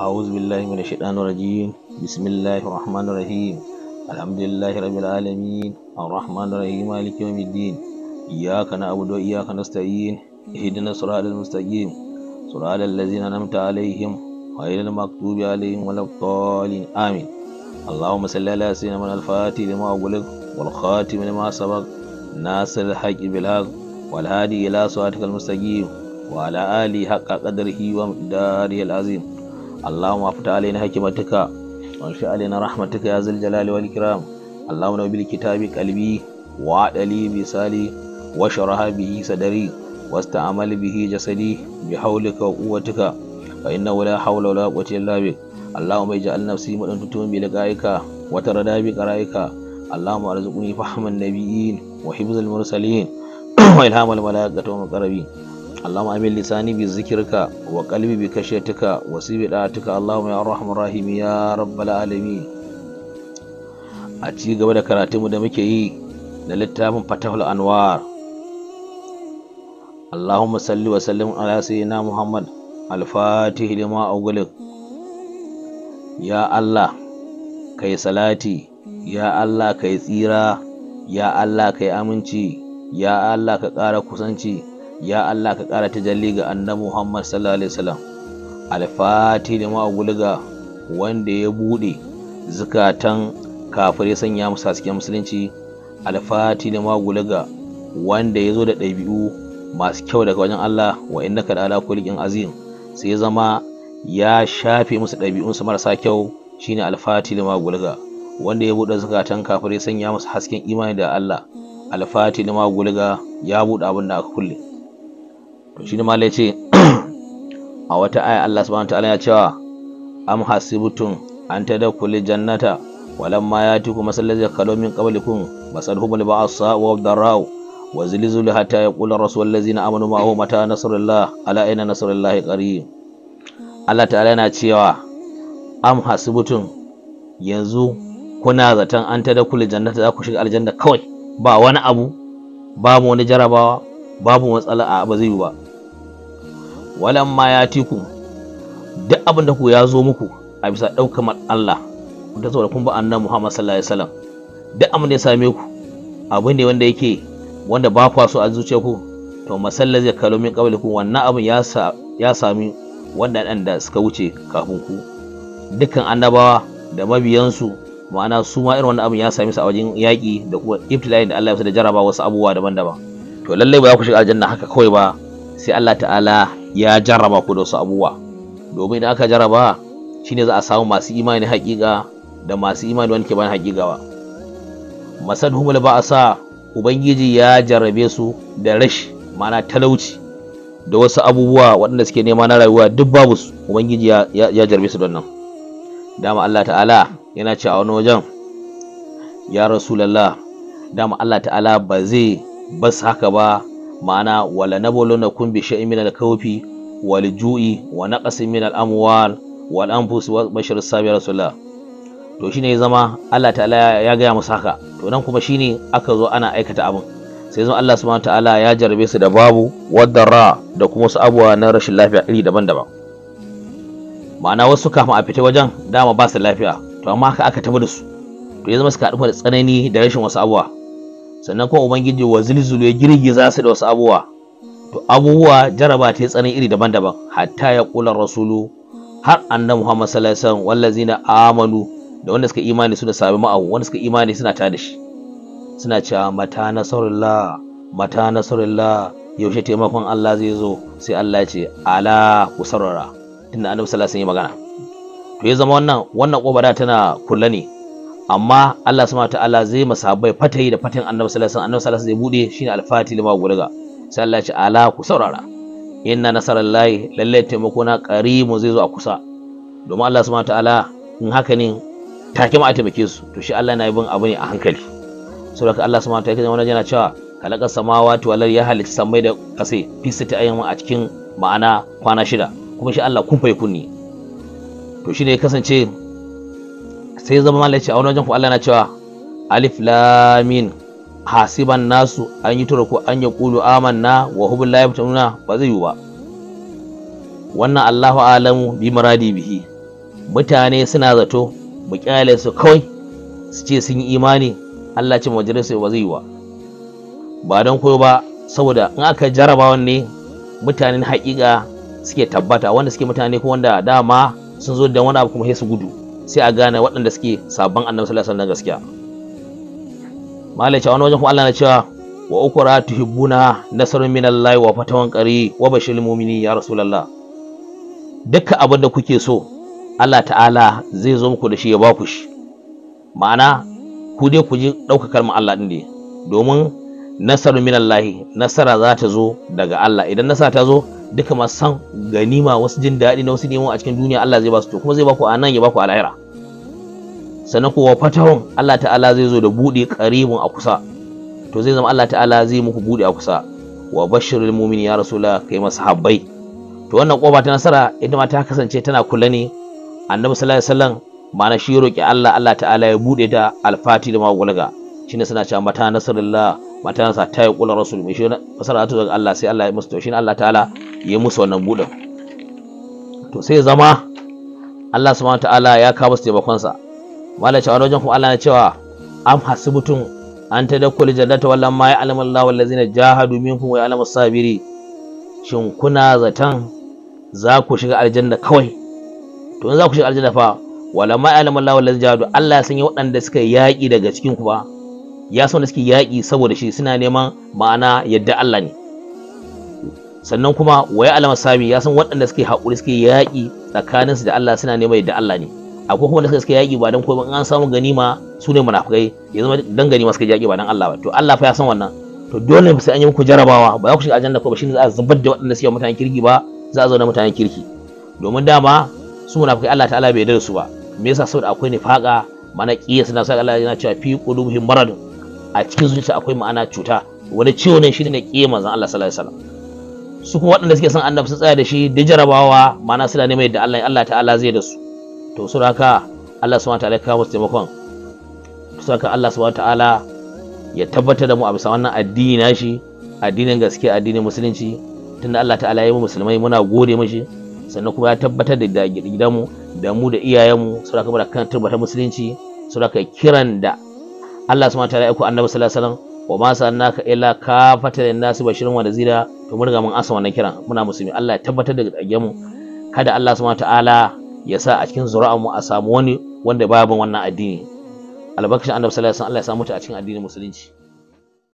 أعوذ بالله من الشيطان الرجيم بسم الله الرحمن الرحيم الحمد لله رب العالمين الرحمن الرحيم مالك يوم الدين إياك نعبد وإياك نستعين اهدنا الصراط المستقيم صراط الذين أنعمت عليهم غير المغضوب عليهم ولا الضالين آمين اللهم صل على سيدنا من الفاتح لما أغلق والخاتم لما سبق ناصر الحق بالحق والهادي إلى صراطك المستقيم وعلى آله حق قدره ومقداره العظيم اللهم افتح علينا حكمتك وانشئ علينا رحمتك يا ذا الجلال والإكرام اللهم نبل كتابك قلبي وعدلي بسالي وشرها به صدري واستعمل به جسدي بحولك وقوتك فإنه لا حول ولا قوة إلا بك اللهم اجعل نفسي مدنتم بلقائك وتردا بقرائك اللهم ارزقني فهم النبيين وحفظ المرسلين وإلهام الملائكة والمقربين اللهم امن لساني بذكرك وقلبي بكشيتك وسيبي دعاتك اللهم يا رحم الرحيم يا رب العالمين a ci gaba da karatunmu da muke yi da littafin fatahul anwar Allahumma salli wa sallim ala sayyidina Muhammad al-fatih lima ugulik ya Allah kai salati ya Allah kai tsira ya Allah kai aminci ya Allah ka ƙara kusanci ya Allah ka ƙara tajalli ga annabi Muhammad sallallahu alaihi wasallam alfati da magulga wanda ya buɗe zukatan kafirai sanya musu hasken musulunci alfati da magulga wanda ya zo da ɗabi'u masu kyau daga wajen Allah wa inna da ala kullikin azim sai ya zama ya shafe musu su marasa kyau shine alfati da magulga wanda ya buɗe zukatan kafirai sanya musu hasken imani da Allah alfati da magulga ya buɗe abin da aka kulle to shine malai ce a wata aya Allah subhanahu ta'ala ya cewa am hasibtum an tadkhulul jannata walamma yatikum masalladhi khalu min qablikum basalhumul ba'sa wa darau wa zilzul hatta yaqula rasul allazina amanu huwa mata nasrullah ala ayna nasrullah qarib Allah ta'ala yana cewa am hasibtum yanzu kuna zaton an tadkhulul jannata za ku shiga aljanna kawai ba wani abu babu wani jarabawa babu matsala a ba zai yi ba walan ma ya ku duk abin da ku ya zo muku a bisa ɗaukar Allah da saboda kun ba annabi Muhammad sallallahu alaihi wasallam duk abin da ya same ku abu ne wanda yake wanda ba kwa so a zuciya ku to masalla zai kalo min kabali ku wannan abin ya sa ya sami wannan da suka wuce kafin ku dukkan annabawa da mabiyansu ma'ana su ma irin wannan abin ya sami su a wajen yaƙi da kuma ibtila'in da Allah ya da jarabawa wasu abubuwa daban-daban to lallai ba za ku shiga aljanna haka kawai ba sai Allah ta'ala ya jarraba ku da wasu abubuwa domin idan aka jarraba shine za a samu masu imani haƙiƙa da masu imani wanda ke bayan haƙiƙa ba a sa ubangiji ya jarrabe su da rashi mana talauci da wasu abubuwa waɗanda suke nema na rayuwa duk babu su ubangiji ya jarrabe su don nan dama Allah ta'ala yana cewa a wani wajen ya rasulallah dama Allah ta'ala ba zai bas haka ba ma'ana wala bolo kun bi shay'in min al kawfi wal ju'i wa naqsin min al-amwal wal anfus wa bashir sabi rasulullah to shine ya zama Allah ta'ala ya gaya musu haka to nan kuma shine aka zo ana aikata abin sai zama Allah subhanahu ta'ala ya jarabe su da babu wadara da kuma su abuwa na rashin lafiya iri daban-daban ma'ana wasu kafin a fita wajen dama ba su lafiya to amma haka aka tafi da su to ya zama suka haɗu da tsanani da rashin wasu abuwa sannan kuma ubangiji wa zilzulu ya girgiza su da wasu abubuwa to abubuwa jaraba ta tsanin iri daban-daban hatta ya kula rasulu har annabi Muhammad sallallahu alaihi wasallam wallazina amanu da wanda suka imani su da sabi ma'ahu wanda suka imani suna ta da shi suna cewa mata nasarullah mata nasarullah yaushe taimakon Allah zai zo sai Allah ya ce ala ku sarara tunda annabi sallallahu alaihi wasallam ya magana to ya zama wannan wannan kobara tana kulla ne amma Allah subhanahu ta'ala zai masabai fatayi da fatin annabi sallallahu alaihi wasallam annabi sallallahu alaihi wasallam zai bude shine alfati lima gurga sai Allah ya ce ala ku saurara inna nasarallahi lalle taimako na karimu zai zo a kusa domin Allah subhanahu ta'ala in haka ne take ma a taimake su to shi Allah yana yin abu ne a hankali saboda Allah subhanahu ta'ala yake wannan yana cewa kalaka samawati walal ya halicci sammai da kasai fi sita ayyamin a cikin ma'ana kwana shida kuma shi Allah kun fai kunni to shine ya kasance sai zama malai ce a wani wajen ku Allah na cewa alif lamin hasiban nasu an yi ko an ya kulu amanna wa hubul la yabtununa ba zai yi ba wannan Allahu alamu bi maradi bihi mutane suna zato mu kyale su kawai su ce sun yi imani Allah ce majalis sai ba zai yi ba ba don koyo ba saboda in aka jaraba ne mutanen haƙiƙa suke tabbata wanda suke mutane ko wanda dama sun zo da wani abu kuma sai su gudu sai a gane waɗanda suke sabon annabi sallallahu alaihi wasallam gaskiya malai cewa wajen kuma Allah na cewa wa ukura tuhibbuna nasrun minallahi wa fatawan qari wa bashil mu'mini ya rasulullah duka abin da kuke so Allah ta'ala zai zo muku da shi ya baku shi ma'ana ku dai ku ji ɗaukakar mu Allah ɗin ne domin nasaru minallahi nasara za ta zo daga Allah idan nasara ta zo duka ma san ganima wasu jin daɗi na wasu neman a cikin duniya Allah zai ba su to kuma zai ba ku a nan ya ba ku al'aira lahira sannan kuwa fatahun Allah ta'ala zai zo da buɗe karibin a kusa to zai zama Allah ta'ala zai muku buɗe a kusa wa bashirul mu'min ya rasula kai masahabbai to wannan koba ta nasara ita ma ta kasance tana kula ne annabi sallallahu alaihi wasallam ma'ana shi roƙi Allah Allah ta'ala ya buɗe da alfati da magulga shine suna cewa mata nasarullah matansa ta yi kula rasul mai shi fasara ta daga Allah sai Allah ya musu to Allah ta'ala ya musu wannan budin to sai zama Allah mata ta'ala ya kawo su taimakon sa malai cewa wajen kuma Allah na cewa am mutum an tadakkul jannata wallan ma ya'lamu Allahu allazina jahadu kuma ya ya'lamu sabiri shin kuna zaton za ku shiga aljanna kawai to in za ku shiga aljanna fa wala ma ya'lamu Allahu allazina jahadu Allah ya sanya waɗanda suka yaƙi daga cikin ku ba ya san wanda suke yaƙi saboda shi suna neman ma'ana yadda Allah ne sannan kuma waye alama sami ya san waɗanda suke haƙuri suke yaƙi tsakaninsu da Allah suna neman yadda Allah ne akwai kuma da suke yaƙi ba don ko an samu ganima su ne munafukai ya zama dan ganima suke yaƙi ba don Allah ba to Allah fa ya san wannan to dole ne sai an yi muku jarabawa ba za ku shiga aljanna ko ba shine za a zubar da waɗanda suke mutanen kirki ba za a zauna mutanen kirki domin dama su munafukai Allah ta'ala bai yarda da su ba me yasa saboda akwai nifaka mana kiyasa na sai Allah yana cewa fi qulubihim maradun a cikin zuciya akwai ma'ana cuta wani ciwo ne shine kiyaye manzon Allah sallallahu alaihi wasallam su kuma waɗanda suke son annabi sun tsaya da shi da jarabawa ma'ana suna neman yadda Allah Allah ta'ala zai da su to su haka Allah subhanahu ta'ala kawo musu taimakon su haka Allah subhanahu ta'ala ya tabbatar da mu a bisa wannan addini nashi addinin gaske addinin musulunci tunda Allah ta'ala ya yi mu musulmai muna gode mishi sannan kuma ya tabbatar da gidanmu da mu da iyayenmu saboda kuma da kan turbatar musulunci saboda kiran da Allah subhanahu ta'ala ya ku annabi sallallahu alaihi wasallam wa ma sa'annaka illa kafatan lin nasu bashirin wa nazira to mun riga mun asa wannan kiran muna musulmi Allah ya tabbatar da dage mu kada Allah subhanahu ta'ala ya sa a cikin zuri'an mu a samu wani wanda ya bin wannan addini albarkacin annabi sallallahu alaihi wasallam Allah ya samu ta a cikin addinin musulunci